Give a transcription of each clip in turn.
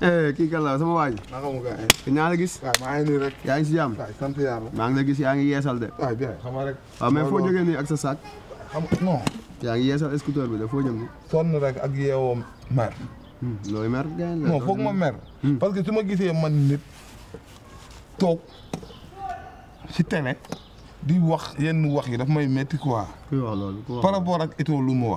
eh kii ah, iya. ah, ya, hmm, kan la sama waa ji. maa xamul gars yi. ñaa la gis. waaw maa ngi nii rek. yaa ngi si jàmm. waaw sant yàlla. maa ngi la gis yaa ngi yeesal de. waaw bien xam nga rek. waaw mais foo jógee nii ak sa saak. xam non. yaa ngi yeesal scooter bi de foo jëm nii. sonn mer. looy mer gars yi. non foog mer. pas kita mau gisi emang man nit si télé. di wak yenn ya, wax yi ya, daf may métti quoi. kuy wax loolu par rapport ak Ito lu mu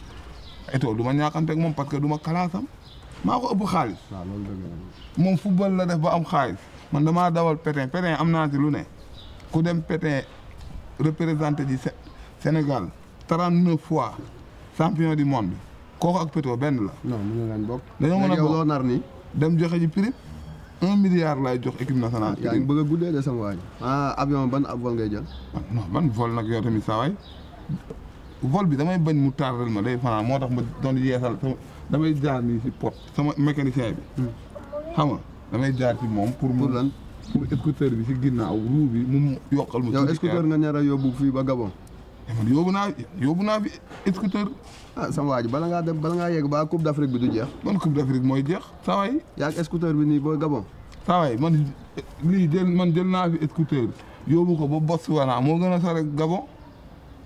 Eto'o du ma ñaaxanteeg moom parce que du ma kalaasam maa ko ëpp xaalis. moom football la def ba am xaalis man damaa dawal Pétain Pétain am naa ci lu ne ku dem Pétain représenté ji Sénégal trente neuf fois champion du monde kooku ak Pétain benn la. non mën na leen bokk. dañoo mën a bokk dem joxe ji prix un milliard laay jox équipe nationale. Ah, yaa ngi bëgg a guddee de sama waa ji. ah avion ban ab vol ngay jël. Ah, non ban vol nag yoo tamit saa vol bi damay bañ mu tardel ma da fanaan moo tax ma doon yeesal sama damay jaar nii si pot sama mécanicien bi hmm. xam nga damay jaar ci moom pour mu lan pour scooter bi si ginnaaw roue bi mu yokkal ma yow scooter nga ñaar a fii ba Gabon eh man naa yóbbu naa fi scooter ah, sama waa bala ngaa dem bala ngaa yegg baa coupe d' bi du jeex man coupe d' mooy jeex saa waay yaa bi nii booy Gabon saa man lii jël man jël naa fi scooter yóbbu ko ba bos wala moo gën a sore Gabon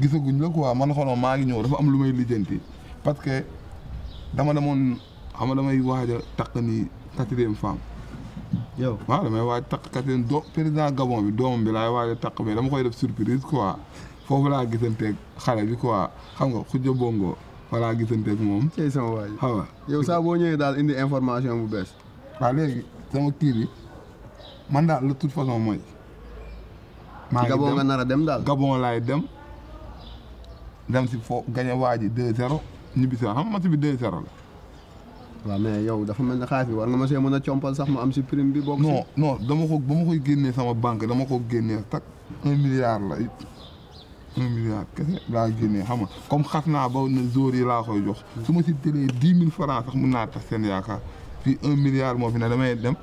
gisaguñ la quoi man xooloo maa ngi ñëw dafa am lu may lijjanti parce que dama demoon xam nga damay waaj a takk nii quatrième femme. yow waaw damay waaj takk quatrième do président Gabon bi doomam bi laay waaj a takk mais dama koy def surprise quoi laa gisanteeg xale bi quoi xam nga xuj a bongo fa laa moom. tey sama waay yow saa boo ñëwee daal indi information bu bees. waaw léegi sama kii man daal de toute façon mooy. maa ngi a dem daal. Gabon laay dem. dem si fo gañe waa ji 2-0 ñibbi si xam match bi 2-0 la. waaw mais yow dafa mel ne xaalis bi war nga ma see mën a compal sax ma am si prime bi. bokk non non dama ko ba ma koy génnee sama banque dama ko génnee tak un milliard la un milliard kese laa génnee xam nga comme xas naa ba ne jour yi laa koy jox. su ma si jëlee dix mille francs sax mun naa tax seen yaakaar fii un milliard moo fi ne damay dem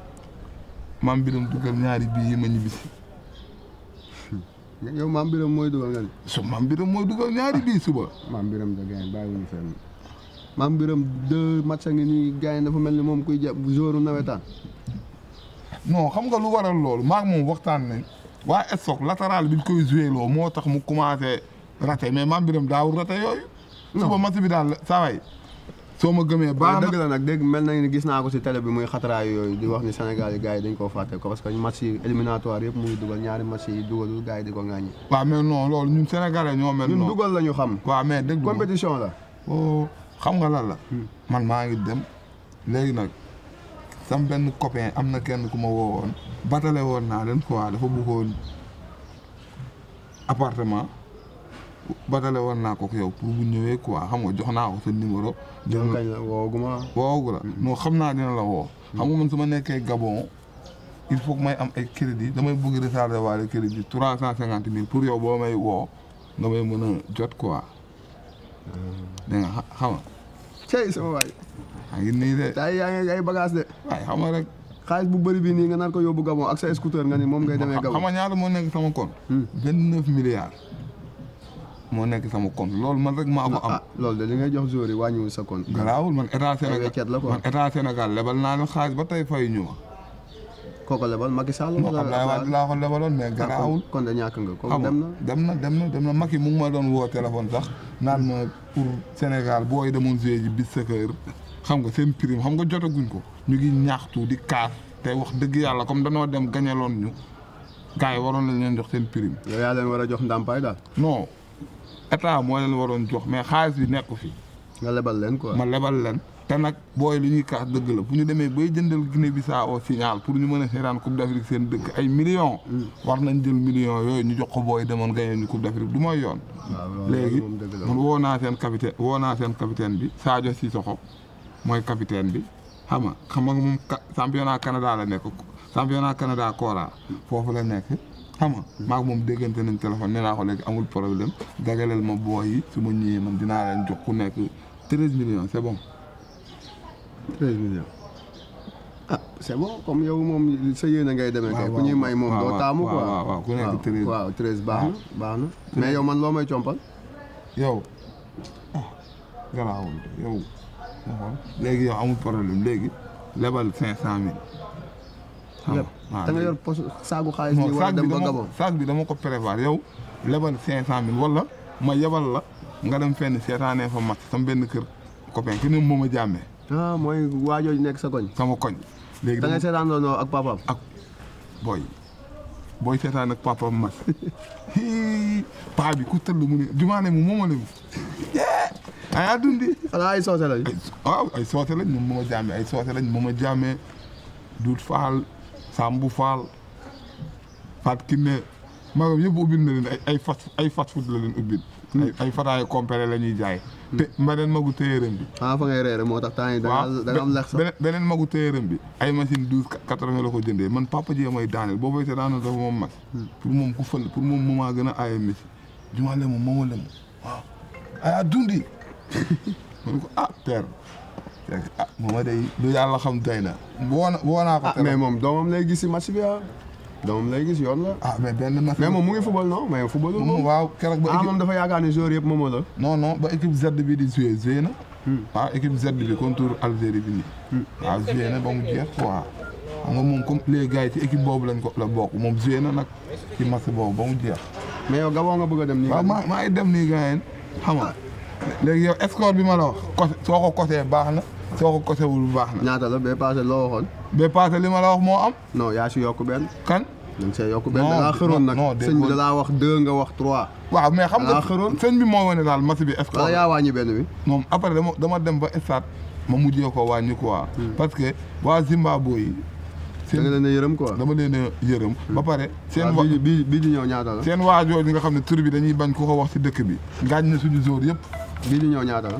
maam bi dem dugal ñaari bii yi ma ñibbisi. yow maam biram mooy dugal nga ni. su maam biram mooy dugal ñaari bii suba. maam biram da gaañ bàyyiwuñu fenn. maam biram deux match ngi nii gaañ dafa mel ni moom kuy jàpp joru nawetaan. non xam nga lu waral loolu maa ngi moom waxtaan nañ waa stock latéral bi ñu koy loo moo tax mu commencé raté mais maam biram daawul raté yooyu. suba match bi daal saa soo ma gëmee baax na dëgg la nag dégg mel na ni gis naa ko si télé bi muy xatraay yooyu di wax ni Sénégal yi gars yi dañ koo fàtte ko parce que match yi éliminatoire yëpp muy dugal ñaari match yi dugalul gars yi di ko ŋàññi waaw mais non loolu ñun Sénégalais ñoo mel ñun dugal la ñu xam waaw mais dëgg compétition la oo oh, xam nga lan la hmm. man maa ngi dem léegi nag sam benn copain am na kenn ku ma woowoon batale woon naa leen quoi dafa bëggoon appartement batale woon naa ko yow pour bu ñëwee quoi xam nga jox naa ko sa numéro. jërë nga la woowaguma woowagu la non xam naa dina la woo. xam nga man su ma nekkee Gabon il faut may am ay crédit damay bëgg recharger waale crédit trois cent cinquante mille pour yow boo may woo nga may mën a jot quoi. Mm. da nga xam nga. cey sama waay. maa ngi yaa ngi ay bagage de. waay xam nga rek. xaalis bu bëri bii nii nga nar ko yóbbu Gabon ak sa scooter nga ni moom ngay demee Gabon. xam nga ñaata moo nekk sama compte. Hmm. vingt neuf milliards. moo nekk sama compte lool man rek maa ko am. Ah, ah, loolu de li ngay jox joueur yi wàññiwul sa compte. garaawul man état Sénégal man état Sénégal lebal naa leen xaalis ba tey fay ñu ma. kooku lebal Macky Sall. moo xam naa waat laa ko lebaloon mais ah, garaawul. kon de ñàkk nga kooku dem na dem na dem dem na Macky mu ngi ma doon woo téléphone sax naan ma pour Sénégal booy demoon jouer ji bi sa kër xam nga seen prime xam nga jotaguñ ko. ñu ngi ñaaxtu di kaas tey wax dëgg yàlla comme danoo dem gañaloon ñu gars yi waroon nañ leen jox seen prime. yow yaa leen war a jox ndàmpaay daal. non état moo leen waroon jox mais xaalis bi nekku fi. nga leen quoi ma lebal leen. te nag booy li ñuy kaas dëgg la bu ñu demee bay jëndal saa Bissau signal pour ñu mën a seetaan coupe d' seen dëgg ay millions. Mm. war nañ jël millions yooyu ñu jox ko booy demoon gagné ñu coupe d' afrique du mooy yoon. léegi man woo naa seen capitaine woo naa seen capitaine bi Sadio Cissokho mooy capitaine bi xam nga xam nga moom championnat Canada la nekk championnat Canada Kora foofu la nekk. xam nga maa moom déggante nañ téléphone nee naa ko léegi amul problème dagaleel ma booy yi su ma ñëwee man dinaa leen jox ku nekk treize millions c'est bon. treize millions. ah c'est bon yow moom sa yéene ngay demee ku ñuy may moom doo taamu quoi waaw ku nekk treize. waaw treize baax ah. mais yow man loo may compal. yow ah yow. léegi yow amul problème léegi lebal cinq cent mille. da ah, nga yor poche saagu xaalis nii wala dem ba Gabon saag bi dama ko prévoir yow lebal cinq cent mille walla ma yebal la nga dem fenn seetaanee fa match sama benn kër copain ki ne moom a jàmmee ah mooy waajooju nekk sa koñ sama koñ léegi da ngay seetaan loolu ak papaam ak booy booy seetaan ak papaam match paa bi ku tëll mu ne jumaane mu mooma lemu ah dundi xanaa ay soose lañ waaw ay soose lañ moom mooma jàmmee faal Sambou Fall Fatou Kiné magam yëpp ubbil na leen ay ay fast ay fast food la leen ubbil. ay ay fataayu compéré la ñuy jaay. te beneen magu téyeram bi. ah fa ngay reere moo tax temps yii da nga am lex sax beneen beneen magu bi. ay machine douze quatre-vingt la ko jëndee man papa jee mooy daaneel boo fay see daaneel dafa moom mag. Hmm. pour moom ku fël pour moom moment gën a aaye Messi. jumaa lemu moomoo lemu waaw. ayaa dundi. ma ne ko ah père. ah moom day lu yàlla xam doy na. woo na woo naa ko. ah mais moom doomam lay gis si match bi ah. doomam lay gis yoon la. ah mais benn match. mais moom mu ngi football non mais football. moom waaw keroog ba ah, équipe ah moom dafa yaakaar ne joueur yëpp moom la. non ba bi di joué joué hmm. ah, bi contour Algérie hmm. ah, mu jeex quoi. xam nga moom comme les gars yi ci boobu lañ ko la bokk moom joué na nag ci match boobu ba mu jeex. mais yow Gabon nga bëgg a dem nii. waaw maa maa ngi dem nii gars yi xam nga léegi yow score bi ma la wax côté soo ko côté baax na. soo ko kosewul bu baax na. ñaata la bee paase loo waxoon. bee paase li ma la wax moo am. non yaa si yokk benn. kan. da nga yokk benn da ngaa xëroon nag sëñ bi da wax deux nga wax trois. waaw mais xam nga sëñ bi moo wane daal match bi. est-ce que wala bi. moom après dama dama dem ba stade ma mujjee ko wàññi quoi. Hmm. parce que waa Zimbabwe yi. seen da nga leen a yërëm quoi dama leen a yërëm. Hmm. ba pare seen wa bii bii di ñëw ñaata la. seen waa jooju nga xam ne tur bi dañuy bañ ku ko wax si dëkk bi. gaañ na suñu jour yëpp. bii ñu ñëw ñaata la.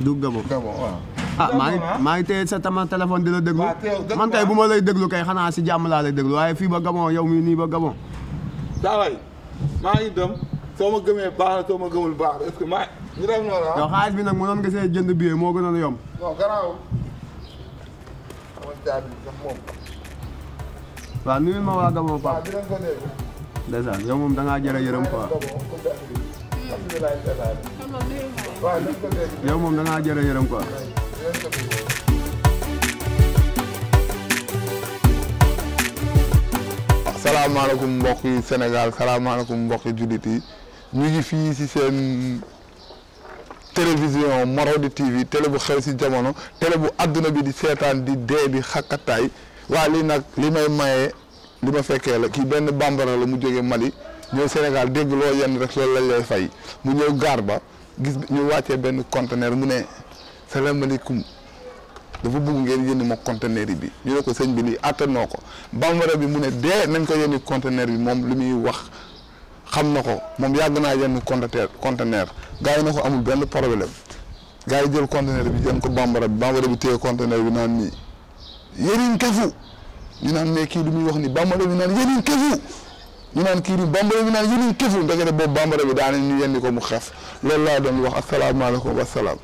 du Gabon ah maa ngi maa ngi téye sa tama téléphone di la déglu man kay bu ma lay déglu kay xanaa si jàmm laa lay déglu waaye fii ba Gabon yow mii nii ba Gabon. saa maa ngi soo ma gëmee baax la soo ma gëmul baax la est-ce que maa noonu ah. yow nag mënoon nga see jënd billet moo gënoon yomb. non garaaw. waaw nuyul ma waa Gabon Pape. ndeysaan yow moom da ngaa jërë yërëm quoi. yow moom da ngaa jërë yërëm quoi. salaamaaleykum mbokk yi Sénégal salaamaaleykum mbokk yi jullit yi ñu ngi fii ci seen télévision Marodi TV télé bu xew ci jamono télé bu àdduna bi di seetaan di dee di xakkataay waa lii nag li may maye li ma fekkee la kii benn bambara la mu jógee Mali. ñëw Sénégal dégg loo yenn rek loolu lañ lay fay mu ñëw gaar ba gis ñu wàccee benn conteneur mu ne salaamaaleykum dafa bëgg ngeen yónni ma conteneur yi bi ñu ne ko sëñ bi lii àttanoo ko bambara bi mu ne dee nañ ko yónni conteneur bi moom li muy wax xam na ko moom yàgg naa yenn conteneur conteneur gars yi na ko amul benn problème gars yi jël conteneur bi jën ko bambara bi bambara bi téye conteneur bi naan nii yëriñ kefu ñu naan mais kii lu muy wax ni bambara bi naan ñu naan kii nii bambara bi naan yi nii këful ndekete boobu bambara bi daanañ ñu yenni ko mu xef loolu laa doon wax asalaamaaleykum wa salaam